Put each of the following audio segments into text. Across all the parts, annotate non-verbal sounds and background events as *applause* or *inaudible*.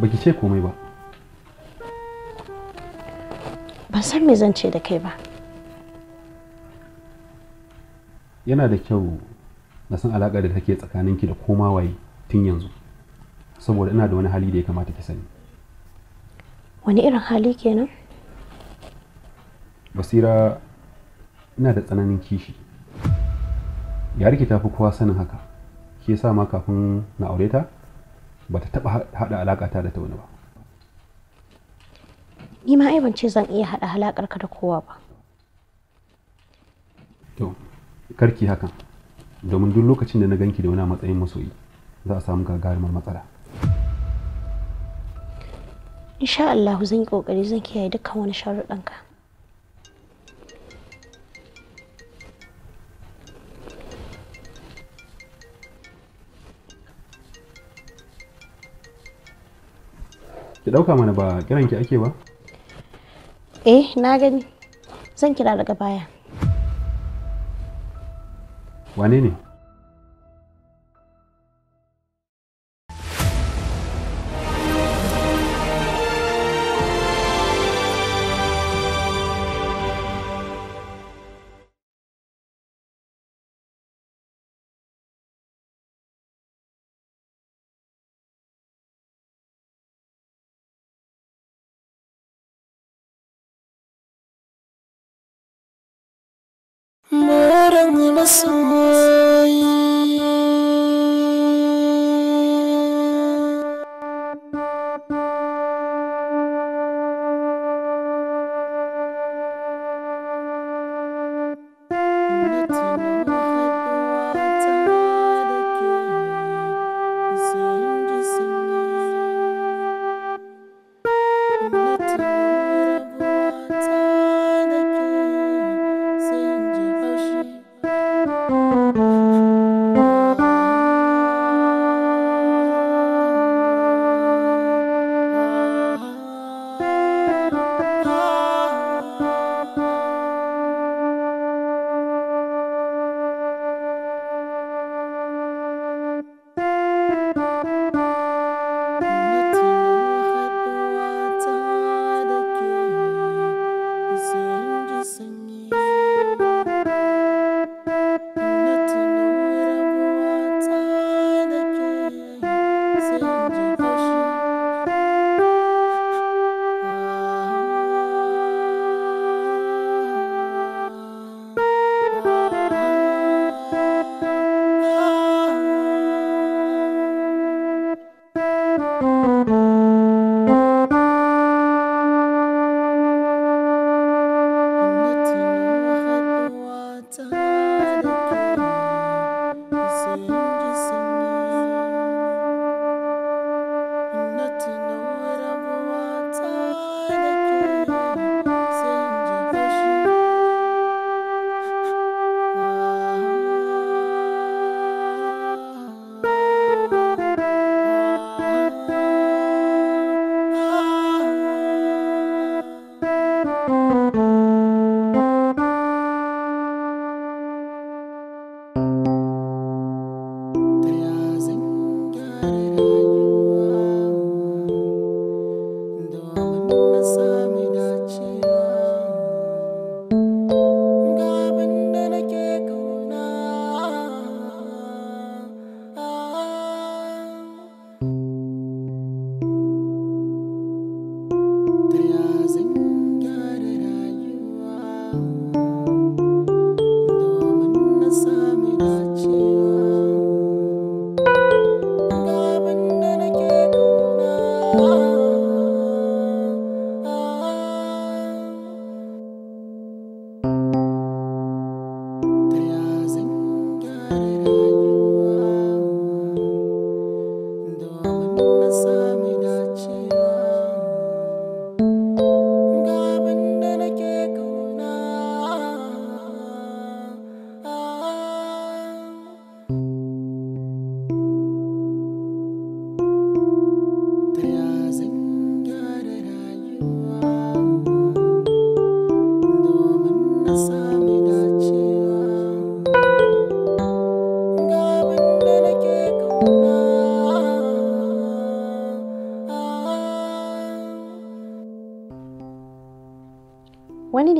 baki ce komai ba ban san me zan ce da kai ba yana da kyau na san alaƙar da take tsakaninki da koma waye tun yanzu saboda ina da wani hali da ya kamata ki sani wani irin hali kenan basira ina da tsananin kishi Ya rike tafi kowa sanin haka ke sa ma kafin na aure ta ba ta taɓa haɗa alaƙa ta da ta wani ba ni ma ai ban ce zan iya haɗa halakar ka da kowa ba to karki hakan domin duk lokacin da na ganki da wani matsayin masoyi za a samu gagarumar matsala insha Allah zan yi kokari zan kiyaye dukkan wani sharuɗanka ki dauka mana ba kiran ki ake ba eh na gani zan kira daga baya wane ne مرنگ مسئول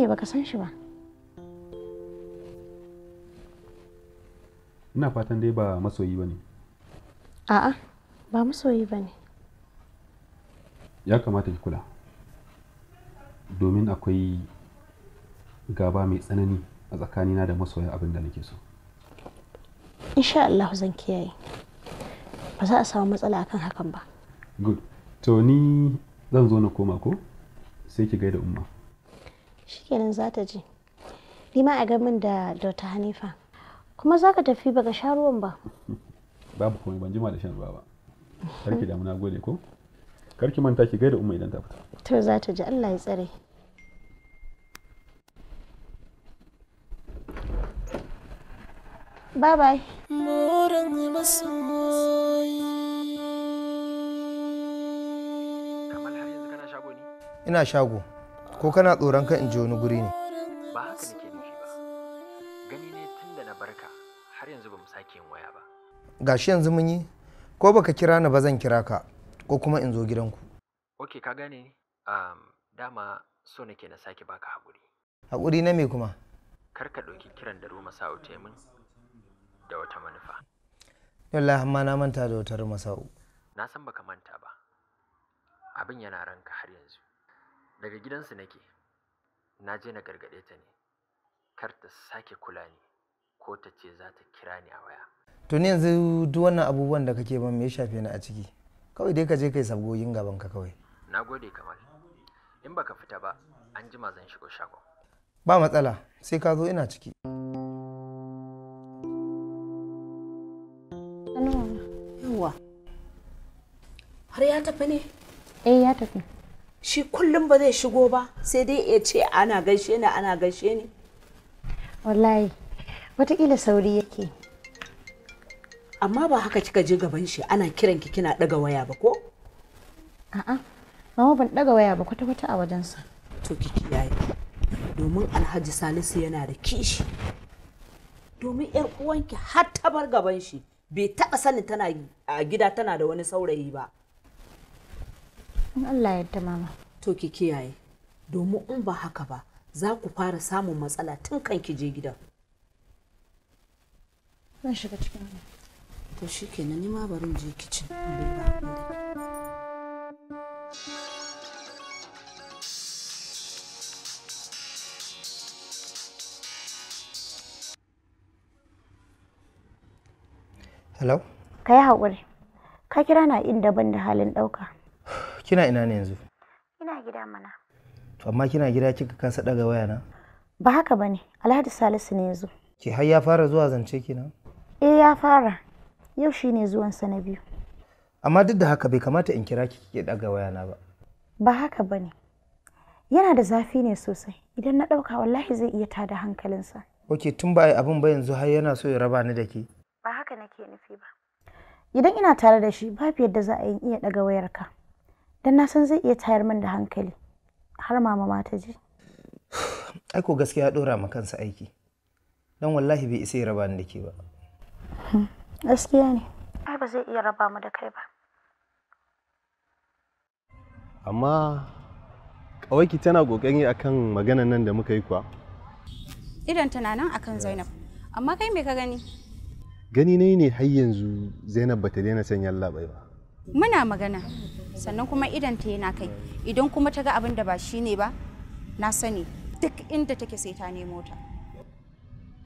ne baka san shi ba ina fatan dai ba masoyi ba a'a ba masoyi ba ya kamata ki kula domin akwai gaba mai tsanani a tsakanina da masoya abin da nake so insha Allah zan kiyaye ba za a samu matsala akan hakan ba good to ni zan zo na koma ko sai ki gaida umma shikenan za ta je ni ma a ga min da Dr. Hanifa kuma za ka tafi baka sha ruwan ba babu komai ban jima da shan ruwa ba karki damu muna gode ko karki manta ki gaida umma idan ta fita to za ta ji Allah ya tsare bye bye ina shago ko kana tsoron ka in je wani guri ne ba haka nake nufi ba gani ne tun da na barka har yanzu ba mu sake yin waya ba gashi yanzu mun yi ko baka kira ni ba zan kira ka ko kuma in zo gidanku ok ka gane ni um, dama so nake na sake baka hakuri. haƙuri na me kuma kar ka ɗauki kiran da ruma sa'u ta min da wata manufa yalla amma na manta da wata ruma sa'u na san baka manta ba abin yana ranka har yanzu daga gidansu nake na je na gargaɗe ta ne kar ta sake kula ni ko ta ce za ta kira ni a waya to ni yanzu duk wannan abubuwan da kake ban me ya shafe ni a ciki kawai dai ka je kai sabgoyin gaban ka kawai na gode kamar in baka fita ba an jima zan shigo shagon ba matsala sai ka zo ina ciki har ya tafi ne eh ya tafi shi kullum ba zai shigo ba sai dai ya ce ana gaishe ni ana gaishe ni wallahi watakila sauri yake amma ba haka kika je gaban shi ana kiran ki kina daga waya ba ko a'a mama ban daga waya ba kwata kwata a wajensa to kiki kiyaye domin alhaji salisu yana da kishi domin yar uwanki har ta bar gaban shi bai taba sanin tana a gida tana da wani saurayi ba in Allah ya ta mama to ki kiyaye domin in ba haka ba za ku fara samun matsala tun kan ki je gidan zan shiga cikin to shikenan ni ma barin je kicin Hello? Ka yi haƙuri, ka kira na inda ban da halin ɗauka. Kina ina ne yanzu? Ina gida mana. To amma kina gida kika kasa daga waya na? Ba haka bane. Alhaji Salisu ne yanzu. Ke har ya fara zuwa zance kina? Eh ya fara. Yau shine zuwan sa na biyu. Amma duk da haka bai kamata in kira ki kike daga waya na ba. Ba haka bane. Yana da zafi ne sosai. Idan na dauka wallahi zai iya tada hankalinsa. Ok tun ba abin ba yanzu har yana so ya raba ni da ke. Ba haka nake nufi ba. Idan ina tare da shi babu yadda za a yi iya daga wayarka. dan na san zai iya tayar min da hankali har mama ma ta ji aiko gaskiya dora ma kansa aiki don wallahi bai isa ya raba ni da ke ba gaskiya ne ai ba zai iya raba mu da kai ba amma ƙawaiki tana ƙoƙari akan maganan nan da muka yi kuwa idan tana nan akan zainab amma kai me ka gani gani ne ne har yanzu zainab bata daina son yalla ba muna magana sannan kuma idan ta yana kai idan kuma ta ga abin da ba shi ne ba na sani duk inda take sai ta nemo ta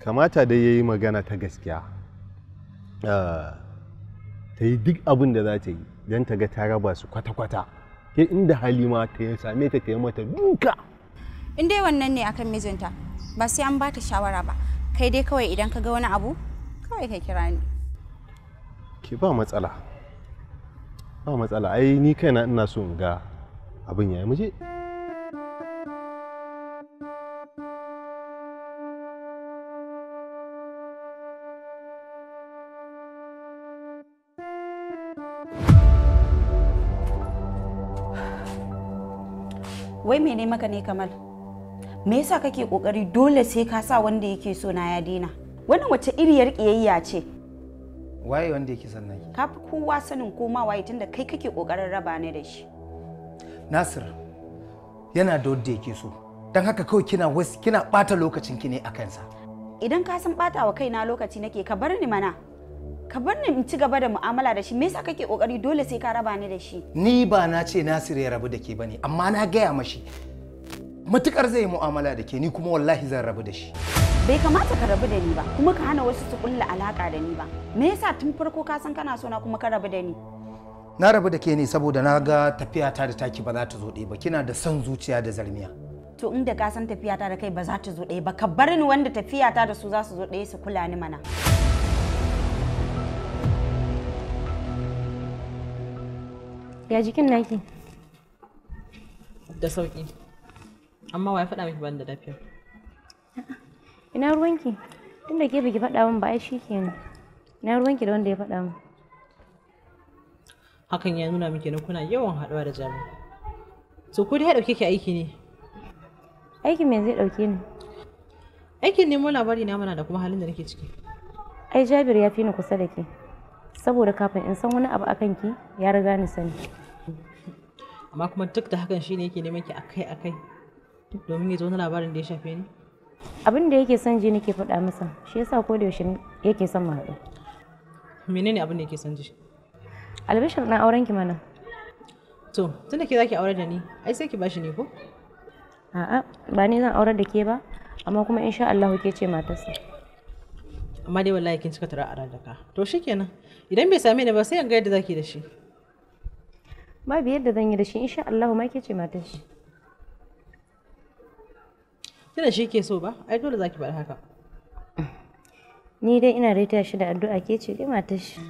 kamata dai ya yi magana ta gaskiya ah, ta yi duk abin da za ta yi don ta ga ta raba su kwata-kwata ke inda halima ta ya same ta ta yi mata duka in dai wannan ne akan mijinta ba sai an ba ta shawara ba kai dai kawai idan ka ga wani abu kawai ka kira ni ki ba matsala ba matsala ai ni kaina ina so in ga abin yayi muje wai mene maka ne kamal me yasa kake kokari dole sai ka sa wanda yake so na ya dina wannan wace iriyar kiyayya ce waye wanda yake san naki ka fi kowa sanin koma waye tunda kai kake kokarin raba ni da shi nasir yana da wanda yake so dan haka kawai kina was kina bata lokacin ki ne a kansa idan ka san bata wa kaina lokaci nake ka bar ni mana ka bar ni in ci gaba da mu'amala da shi me yasa kake kokari dole sai ka raba ni da shi ni ba na ce Nasir ya rabu da ke bane amma na gaya mashi matukar zai mu'amala da ke ni kuma wallahi zan rabu da shi bai kamata ka rabu da ni ba kuma ka hana wasu su kulla alaka da ni ba me yasa tun farko ka san kana so na kuma ka rabu da ni na rabu da ke ne saboda na ga tafiya ta da taki ba za ta zo ɗaya ba kina da son zuciya da zarmiya to inda ka san tafiya ta da kai ba za ta zo ɗaya ba ka bar ni wanda tafiya ta da su za su zo ɗaya su kula ni mana ya jikin naki da sauki amma wa ya faɗa miki ban da lafiya ina ruwanki tunda ke baki faɗa min ba ai kenan ina ruwanki da wanda ya faɗa min hakan ya nuna miki na kuna yawan haɗuwa da jami to ko dai ya ɗauke ki aiki ne aikin me zai ɗauke ni aikin nemo labari na mana da kuma halin da nake ciki ai jabir ya fi ni kusa da ke saboda kafin in san wani abu akan ki ya riga ni sani amma kuma duk da hakan shine yake neman ki akai akai domin ya zo wani labarin da ya shafe ni abin da yake son ji nake faɗa masa shi yasa ko da yaushe yake son mu haɗu menene abin da yake son ji albishir na auren ki mana to tunda ke zaki aure da ni ai sai ki bashi ne ko a'a ba ni zan aurar da ke ba amma kuma insha Allah ke ce matarsa amma dai wallahi kin cika tara a ka to shikenan idan bai same ni ba sai in ga yadda zaki da shi Ba bi yadda zan yi da shi insha Allah ma ke ce matar shi Tana shi ke so ba, ai dole za bar haka. Ni dai ina rita shi da addu'a ke ce, dai matar shi.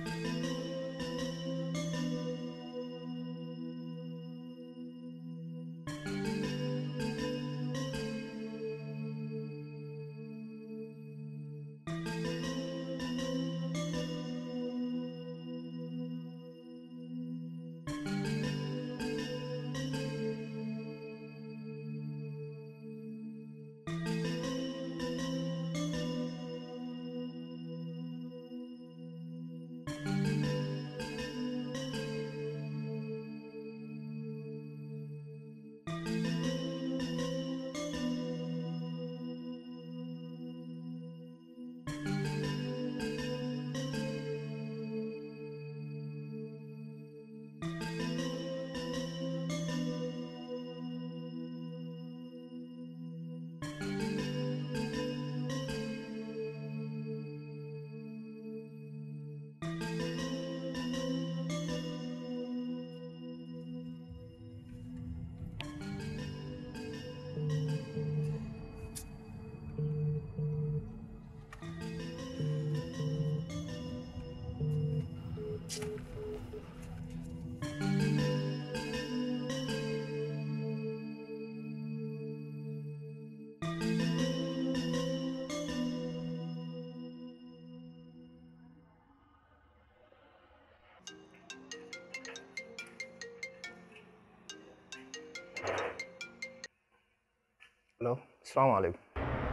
Assalamu alaikum.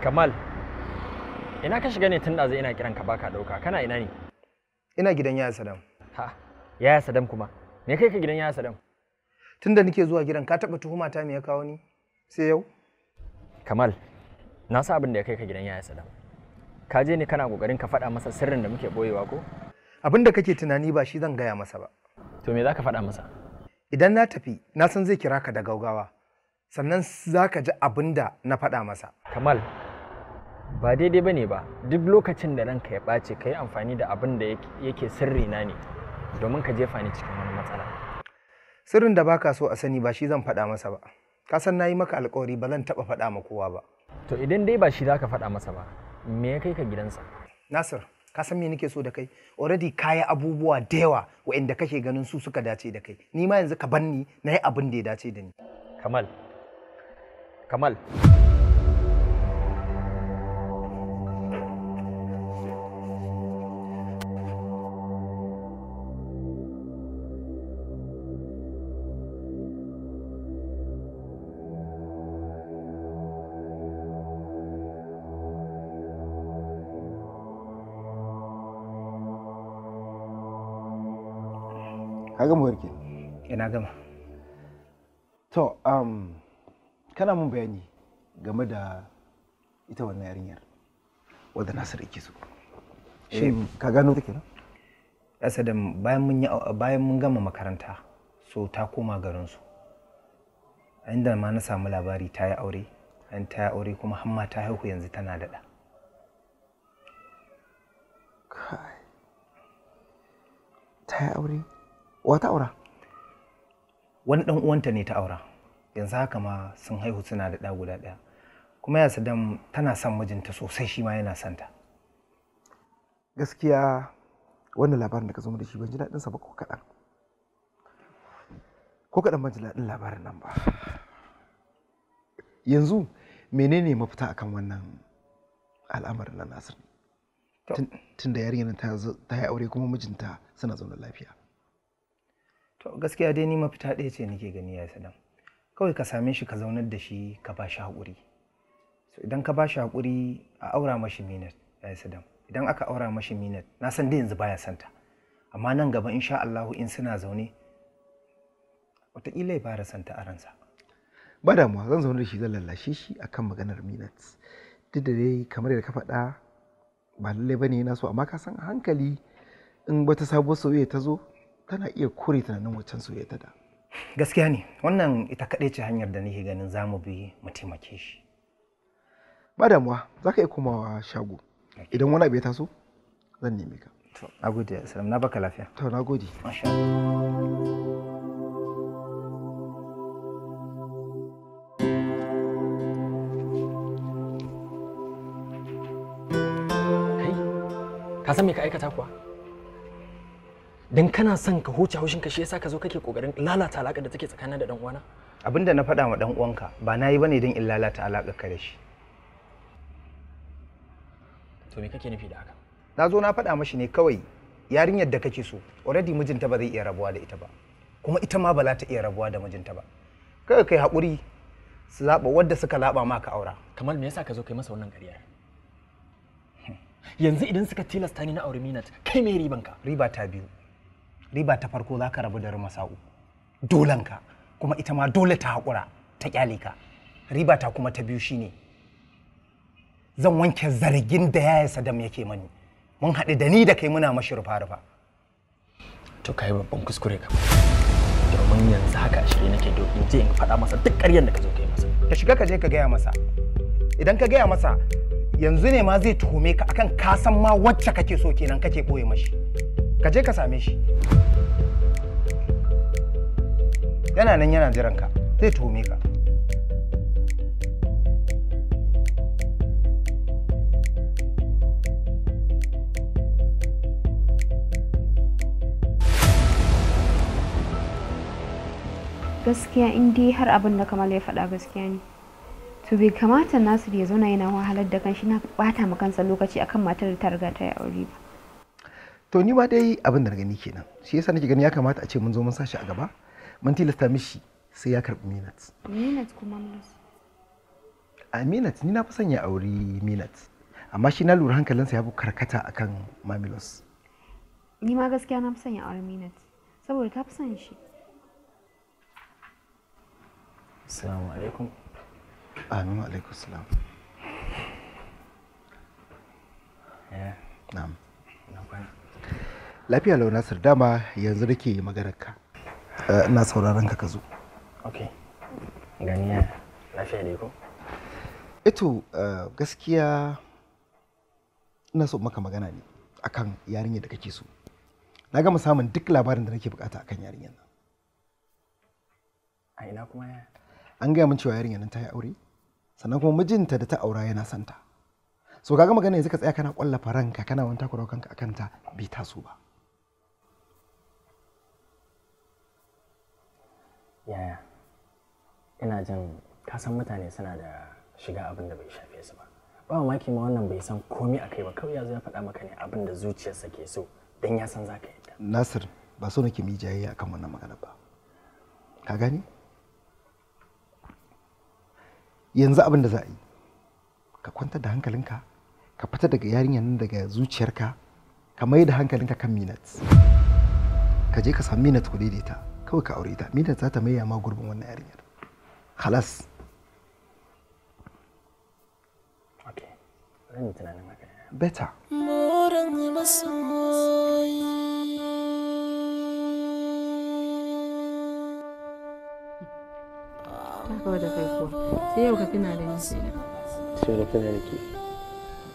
Kamal, ina ka shiga ne tun zai ina kiran ka baka ɗauka, kana ina ne? Ina gidan Yaya Sadam. Ha, Yaya Sadam kuma? Me kai ka gidan Yaya Sadam? Tun da nake zuwa gidan ka taɓa tuhuma ta me ya kawo ni? Sai yau? Kamal, na sa abin da ya kai ka gidan Yaya Sadam. Ka je ne kana ƙoƙarin ka faɗa masa sirrin da muke ɓoyewa ko? Abin da kake tunani ba shi zan gaya masa ba. To me za ka faɗa masa? Idan na tafi, na san zai kira ka da gaugawa. sannan za ka ji abin da na faɗa masa kamal ba daidai ba ne ba duk lokacin da ranka ya ɓace ka yi amfani da abin da yake sirri na ne domin ka jefa ni cikin wani matsala sirrin da baka so a sani ba shi zan faɗa masa ba ka san na yi maka alkawari ba zan taɓa faɗa ma kowa ba to idan dai ba shi za ka faɗa masa ba me ya kai ka gidansa nasir ka san me nake so da kai already kayi abubuwa da yawa wa'inda kake ganin su suka dace da kai ni ma yanzu ka banni na yi abin da ya dace da ni kamal kamal ka gama warke ina gama to um, kana mun bayani game da ita wannan yarinyar wadda Nasir yake so shi eh. ka gano take nan asadan bayan mun bayan mun gama makaranta so ta koma garin su inda ma na samu labari ta yi aure an ta yi aure kuma hamma ta haihu yanzu tana da ɗa ta yi aure wata aura wani ɗan uwanta ne ta aura yanzu haka ma sun haihu suna da ɗa guda ɗaya kuma ya sadam tana son mijinta sosai shi ma yana santa gaskiya wannan labarin da ka zama da shi ban ji daɗinsa ba ko kaɗan ko kaɗan ban ji daɗin labarin nan ba yanzu menene mafita akan wannan al'amarin na nasir tun da yarinyar ta yi aure kuma mijinta suna zaune lafiya to gaskiya dai ni mafita ɗaya ce nake gani ya sadam kawai ka same shi ka zaunar da shi ka ba shi haƙuri so idan ka ba shi haƙuri a aura mashi minat ya eh, sadam idan aka aura mashi minat na san da yanzu baya santa amma nan gaba insha Allah in suna zaune wataƙila ya fara santa a ransa ba damuwa zan zaune da shi zan lallashe shi akan maganar minat duk da dai kamar da ka faɗa ba lallai ba ne na so amma ka san a hankali in wata sabuwar soyayya ta zo tana iya kore tunanin waccan soyayya ta da gaskiya ne wannan ita kaɗai ce hanyar da nake ganin za mu bi mu taimake shi ba damuwa za ka iya komawa shago idan wani abu ya taso zan neme ka na gode salam na baka lafiya to na gode ka san me ka aikata kuwa dan kana son ka huce haushinka ka shi yasa ka zo kake kokarin lalata alaƙar da take tsakanin da dan uwana abinda na faɗa ma dan uwanka ba nayi bane dan in lalata alaƙar ka da shi to me kake nufi da haka na zo na faɗa mashi ne kawai yarinyar da kake so already mijinta ba zai iya rabuwa da ita ba kuma ita ma ba za ta iya rabuwa da mijinta ba kai kai haƙuri su zaɓa wadda suka laɓa maka aura kamar me yasa ka zo kai masa wannan ƙarya yanzu idan suka tilasta ni na aure minat kai me ribanka riba ta biyu riba ta farko za ka rabu da rumasa'u dolanka kuma ita ma dole ta haƙura ta ƙyale ka riba ta kuma ta biyu shine zan wanke zargin da ya yaya sadam yake mani mun haɗu da ni da kai muna mashi rufa rufa to kai babban kuskure ka domin yanzu haka shirye nake do in je in faɗa masa duk ƙaryar da ka zo kai masa ka shiga ka je ka gaya masa idan ka gaya masa yanzu ne ma zai tuhume ka akan ka san ma wacce kake so kenan kake ɓoye mashi ka je ka same shi yana nan yana jiran ka zai tuhume ka gaskiya in dai har abin da kamala ya faɗa gaskiya ne to bai kamata nasir ya zauna yana wahalar da kanshi na bata ma kansa lokaci akan matar da ta riga ta yi aure ba to ni ma dai abin da na gani kenan shi yasa nake gani ya kamata a ce mun zo mun sashi a gaba mun tilasta mishi sai ya karbi minat minat kuma a minat ni na fi sanya auri minat amma shi na lura hankalinsa ya fi karkata akan mamilos ni ma gaskiya na fi sanya auri minat saboda ta fi son shi assalamu alaikum amin alaikum salam yeah. na'am lafiya lau nasir dama yanzu rike maganar ka eh, ina sauraron ka ka zo okay ganiya lafiya ne ko eto eh eh, gaskiya ina so maka magana ne akan yarinyar da kake so na gama samun duk labarin da nake bukata akan yarinyar nan a ina kuma ya an gaya min cewa yarinyar nan ta yi aure sannan kuma mijinta da ta aura yana santa so kaga magana yanzu ka tsaya kana kwallafa ranka kana wani takura kanka akan ta bai taso ba yaya ina jin ka san mutane suna da shiga abin da bai shafe su ba ba mamaki ma wannan bai san komai a kai ba kawai ya ya faɗa maka ne abin da zuciyarsa ke so dan ya san zaka yadda nasir ba so nake mi jayayya akan wannan magana ba ka gani yanzu abin da za a yi ka kwanta da hankalinka ka fita daga yarinyar nan daga zuciyarka ka mai da hankalinka kan minat ka je ka sami minat ku daidaita kawai ka aure ta minat za ta maye ma gurbin wannan yarinyar halas better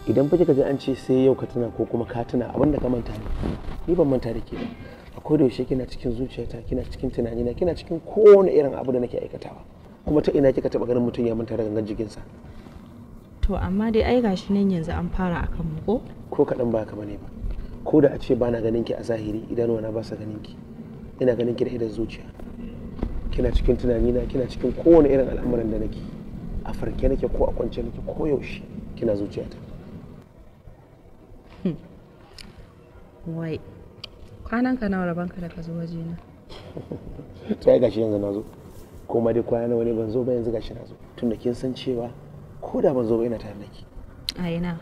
idan fa kika ji an ce sai yau ka tuna ko kuma ka tuna abin da ka manta ne ni ban manta da ke ba a koda yaushe kina cikin zuciyata kina cikin tunanina kina cikin kowane irin abu da nake aikatawa kuma ta ina kika taba ganin mutum ya manta da gangan jikinsa to amma dai ai gashi nan yanzu an fara akan mu ko ko kadan ba ka bane ba ko da a ce ba na ganin ki a zahiri idan wana ba sa ganin ki ina ganin ki da idan zuciya kina cikin tunanina kina cikin kowane irin al'amuran da nake a farke nake ko a kwance nake ko yaushe kina zuciyata Hmm. wai kwanan ka nawa rabon ka da ka zo waje na *laughs* ai gashi yanzu na kuma dai kwana wani ban zo ba yanzu gashi na tunda kin san cewa ko da ban zo ba ina tare da a ina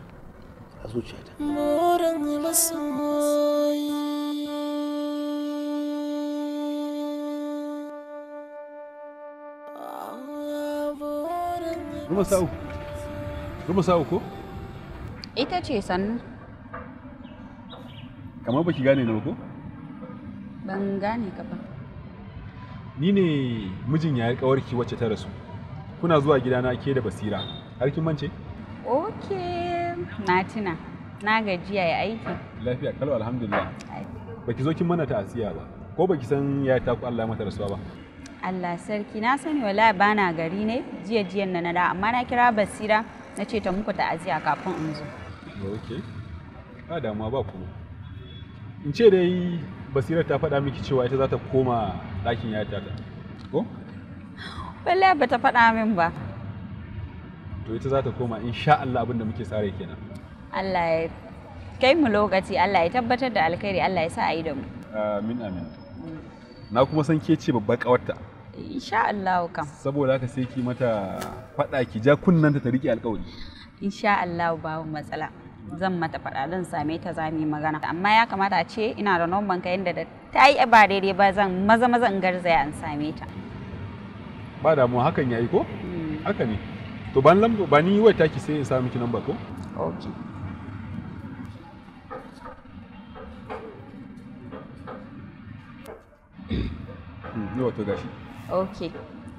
Ita ce sannu. kamar ba ki gane na ko? ban gane ka ba ni ne mijin yi kawarki wacce ta rasu kuna zuwa gidana ke da basira har kin mance? ok na tuna na gajiya ya aiki lafiya kalu alhamdulillah baki zo kin mana ta asiya ba ko baki san ya ta ku Allah mata rasuwa ba Allah sarki na sani wala bana gari ne jiya jiyan na nada amma na kira basira na ce ta muku ta asiya kafin in zo ok ba damuwa ba kuma in ce dai basirar ta faɗa miki cewa ita za ta koma ɗakin yayata ta ko wallahi ba ta faɗa min ba to ita za ta koma in sha Allah abin da muke tsare kenan Allah ya kai mu lokaci Allah ya tabbatar da alkhairi Allah ya sa a yi da mu amin amin mm. na kuma san ke ce babbar kawarta insha Allah kam saboda haka sai ki mata faɗa ki ja kunnanta ta riƙe alƙawari insha Allah babu matsala zan mata faɗa zan same ta za mu yi magana amma ya kamata a ce ina da nomban ka yadda da ta yi ba daidai ba zan maza maza in garzaya in same ta ba da mu hakan yayi ko hmm. haka ne to ban lambo ba ni wai taki sai in sa miki lamba ko okay hmm, Ni wato gashi. Okay.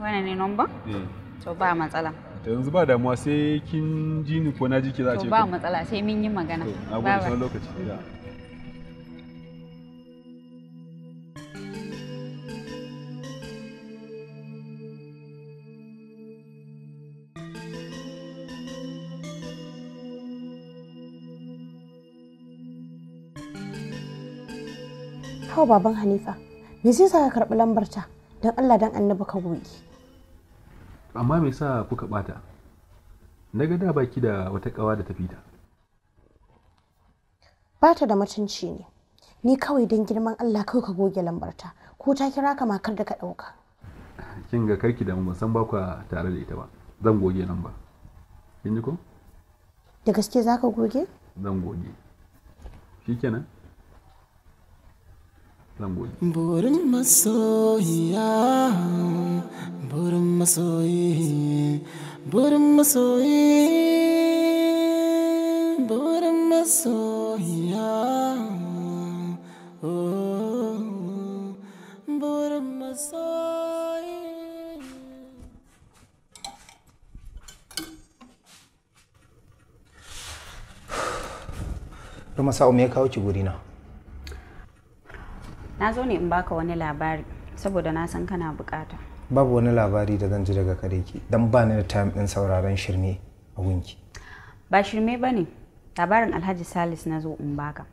Wannan ne nomba? Eh. To ba matsala. ta yanzu ba damuwa sai kin ji ni ko na ji ki za a ce ba matsala sai mun yi magana na gode sai lokaci da Kawo baban Hanifa, me zai sa ka karɓi lambarta don Allah don annabi ka goge. amma me sa kuka bata na ga da baki da wata kawa da tafi fita. bata da mutunci ne ni kawai don girman allah kawai ka goge lambarta ko ta kira ka makar da ka ɗauka kin ga karki da ban san bakwa tare da ita ba zan goge lamba kin ji ko da gaske za ka goge zan goge shikenan burin masoyiya burin masoyi burin masoyi burin masoyiya oh, burin masoyi Rumasa, me ya kawo ki gurina? na zo ne in baka wani labari saboda na san kana bukata babu wani labari da zan ji daga kare ki dan ba ni da time din sauraron shirme a gunki ba shirme ba ne labarin alhaji salis na zo in baka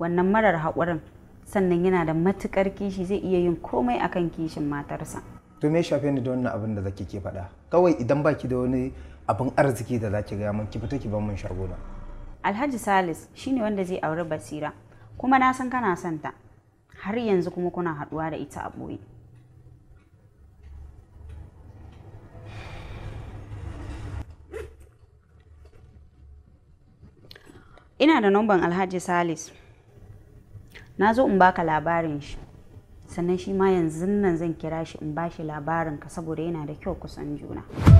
wannan marar haƙurin sannan yana da matukar kishi zai iya yin komai akan kishin matarsa to me shafe ni da wannan abin da zaki ke faɗa kawai idan baki da wani abin arziki da zaki ga mun ki fita ki ban shago shagona alhaji salis shine wanda zai auri basira kuma na san kana son ta har yanzu kuma kuna haɗuwa da ita a ɓoye ina da numban alhaji salis na zo in baka labarin shi sannan shi ma yanzu nan zan kira shi in bashi labarinka saboda yana da kyau kusan juna.